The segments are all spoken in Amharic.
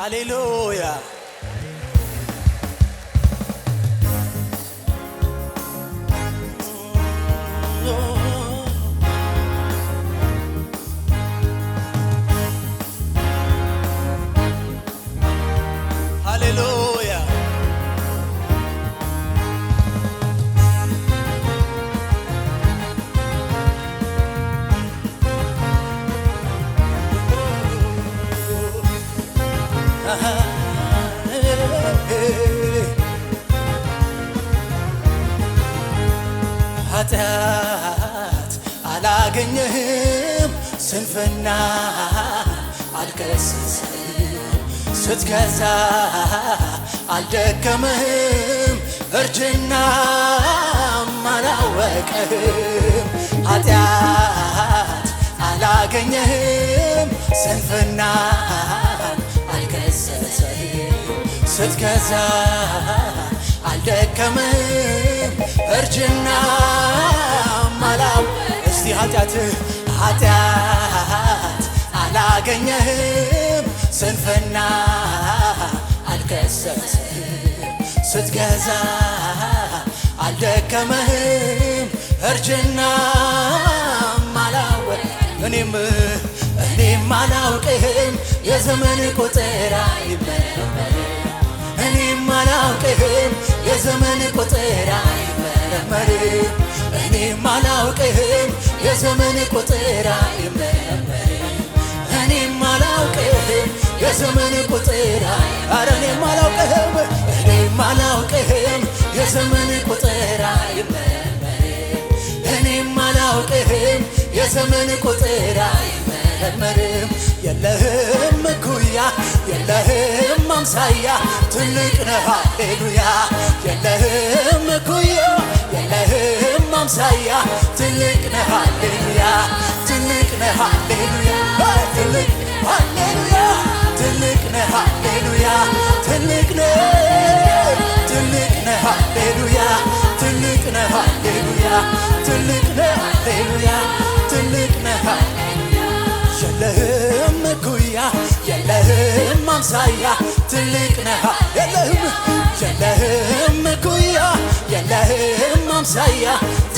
ሃሌሉያ ኃጢአት አላገኘህም፣ ስንፍና አልከሰስህም፣ ስትገዛ አልደከመህም፣ እርጅናም አላወቀህም። ኃጢአት አላገኘህም፣ ስንፍና አልከሰስህም፣ ስትገዛ አልደከመህም እርጅና አላወቀህም ኃጢአት አላገኘህም ስንፍና አልከሰስህም ስትገዛ አልደከመህም እርጅና ማላው እስቲ ኃጢአት ኃጢአት አላገኘህም ስንፍና አልከሰት ስትገዛ አልደከመህም እርጅና ማላው እኔም እኔም አላውቅህም የዘመን ቁጥር አይመረመርም እኔም አላውቅህም የዘመን ቁጥር አላውቅህም የዘመን ቁጥር አይመረመርም። እኔም አላውቅህም የዘመን ቁጥር አረ እኔም አላውቅህም እኔም አላውቅህም የዘመን ቁጥር አይመረመርም። እኔም አላውቅህም የዘመን ቁጥር አይመረመርም። የለህም እኩያ የለህም አምሳያ ትልቅ ነህ ሃሌሉያ የለህም እኩያ ማሳያ ትልቅ ነህ ሃሌሉያ ትልቅ ነህ ሃሌሉያ ትልቅ ሃሌሉያ ትልቅ ነህ ሃሌሉያ ትልቅ ነህ ትልቅ ነህ ሃሌሉያ ትልቅ ነህ ሃሌሉያ ትልቅ ነህ ሃሌሉያ ትልቅ ነህ የለህም እኩያ የለህም አምሳያ ትልቅ ነህ የለህም የለህም እኩያ የለህም አምሳያ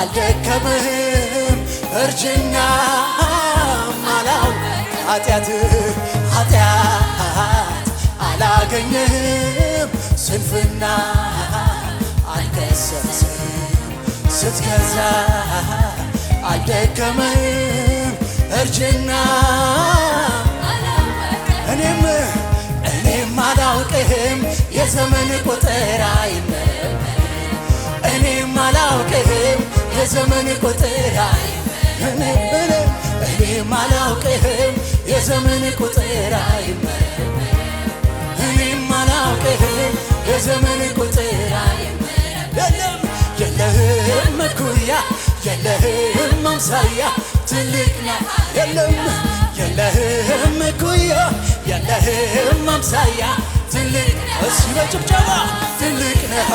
አልደከምህም እርጅና አላው ኃጢአት ኃጢአት አላገኘህም ስንፍና አልከሰስህም ስትገዛ አልደከምህም እርጅና እኔም እኔም አላውቅህም የዘመን ቁጥር አይመ እኔም አላውቅህም የዘመን ቁጥር እኔም አላውቅህም የዘመን ቁጥር እኔም አላውቅህም የዘመን ቁጥር የለም የለህም መኩሪያ የለህም ማምሳያ ትልቅ የለም የለህም መኩሪያ የለህም ማምሳያ ትልቅ እሱ በጭብጨባ ትልቅ ነህ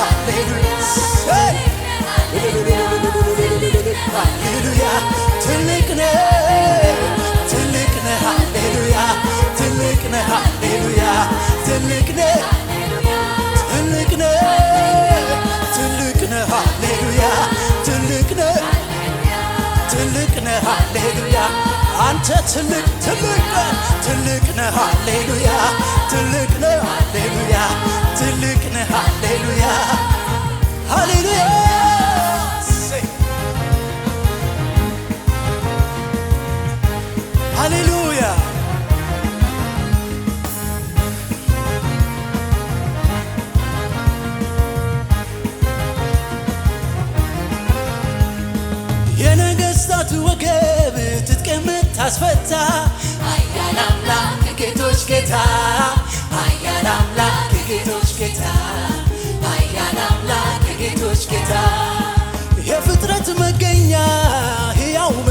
ሃሌሉያ ትልቅ ነህ ትልቅ ነህ ሃሌሉያ ትልቅ ነህ ሃሌሉያ ትልቅ ነህ ትልቅ ነህ ትልቅ ነህ ሃሌሉያ ትልቅ ትልቅ ነህ ሃሌሉያ አንተ ትልቅ ትልቅ ትልቅ ነህ ሃሌሉያ ትልቅ ነህ ሃሌሉያ ትልቅ ነህ ሃሌሉያ ሃሌሉያ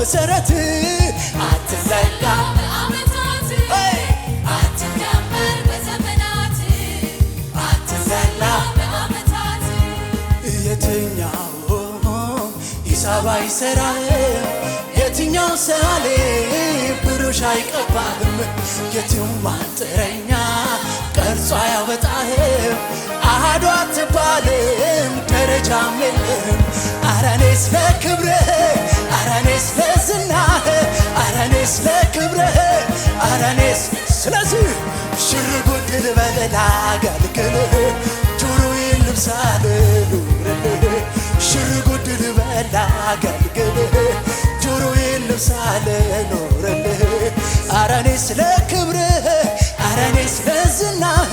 መሰረት አትዘጋ ሰራ የትኛው ሰዓሌ ብሩሽ አይቀባህም የትም ማንጥረኛ ቀርጾ አያወጣህም አትባልም ደረጃም የለህም ለክብርህ ስለዚህ ሽር ጉድ ልበለላ ጋልገል ጆሮዬን ልብሳል ኑርልህ ሽር ጉድ ልበላ ጋልገል ጆሮዬን ልብሳል ኑርልህ አራኔ ስለ ክብርህ አራኔ ስለ ዝናህ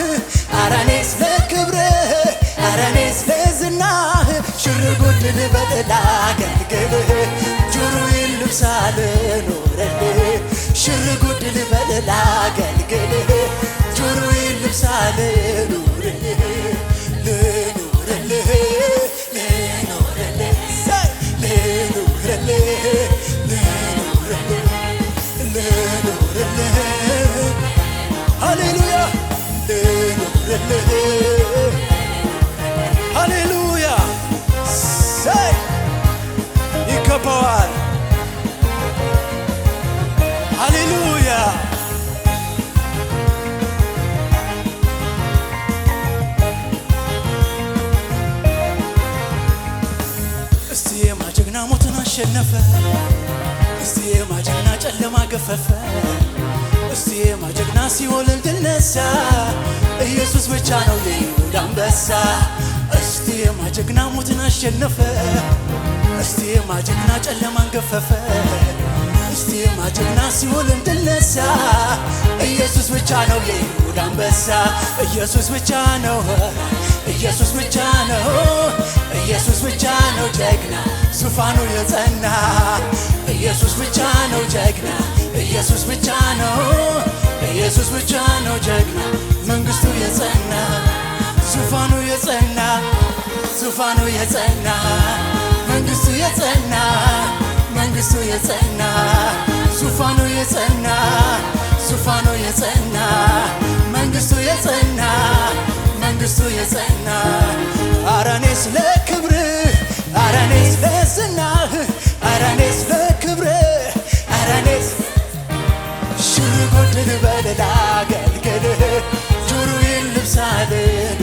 አራኔ ስለ ክብርህ አራኔ ስለ ዝናህ ሽር ጉድ ልበለላ ጆሮዬን ልብሳል ኑርልህ ሽር ጉድ አሸነፈ እስቲ ማጀግና ጨለማ ገፈፈ እስቲ ማጀግና ሲኦልን ድል ነሳ ኢየሱስ ብቻ ነው የይሁዳ አንበሳ እስቲ ማጀግና ሞትን አሸነፈ እስቲ ማጀግና ጨለማን ገፈፈ እስቲ ማጀግና ሲኦልን ድል ነሳ ኢየሱስ ብቻ ነው የይሁዳ አንበሳ ኢየሱስ ብቻ ነው ኢየሱስ ብቻ ነው ኢየሱስ ብቻ ነው ጀግና ዙፋኑ የጸና ኢየሱስ ብቻ ነው ጀግና፣ ኢየሱስ ብቻ ነው፣ ኢየሱስ ብቻ ነው ጀግና፣ መንግስቱ የጸና ዙፋኑ የጸና ዙፋኑ የጸና መንግስቱ የጸና መንግስቱ የጸና ዙፋኑ የጸና ዙፋኑ የጸና መንግስቱ የጸና መንግስቱ የጸና አራኔ ስለ ክብር አራኔስ ለዝና አራኔስ ለክብር አራኔስ ሽር ጎድል በልል አገልግል ጆሮዬን ልብሳልን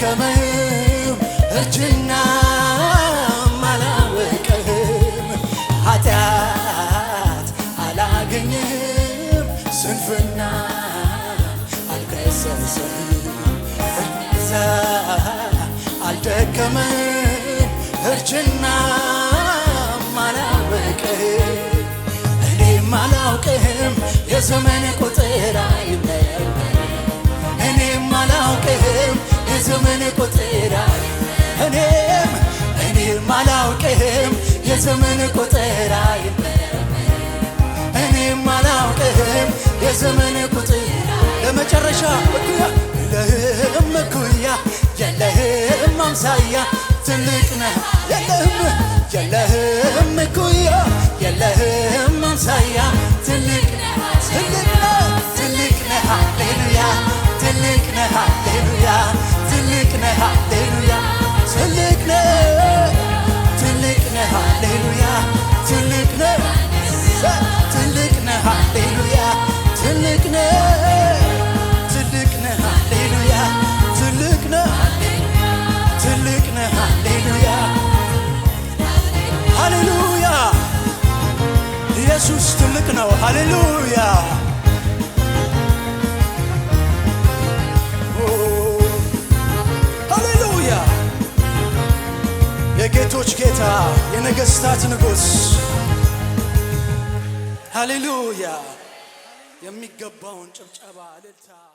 አልደከመህም እርጅና አላወቀህም ኃጢአት አላገኘህም ስንፍና አልገሰሰህም እዛ አልደከመህም እርጅና አላወቀህም እኔም አላውቅህም የዘመን ቁጥር አይለየኝ እኔም አላውቅህም የዘመን ቆጠራ እኔም እኔም አላውቅም የዘመን ቆጠራ እኔም አላውቅም የዘመን ቆጠራ ለመጨረሻ እኩያ የለህም እኩያ የለህም አምሳያ ትልቅ ነህ የለህም የለህም እኩያ የለህም አምሳያ ትልቅ ትልቅ ነህ ትልቅ ነህ ሃሌሉያ ትልቅ ነህ ሃሌሉያ ትልቅ ነው። ሃሌሉያ ሃሌሉያ። የጌቶች ጌታ የነገስታት ንጉስ! ሃሌሉያ። የሚገባውን ጭብጨባ እልልታ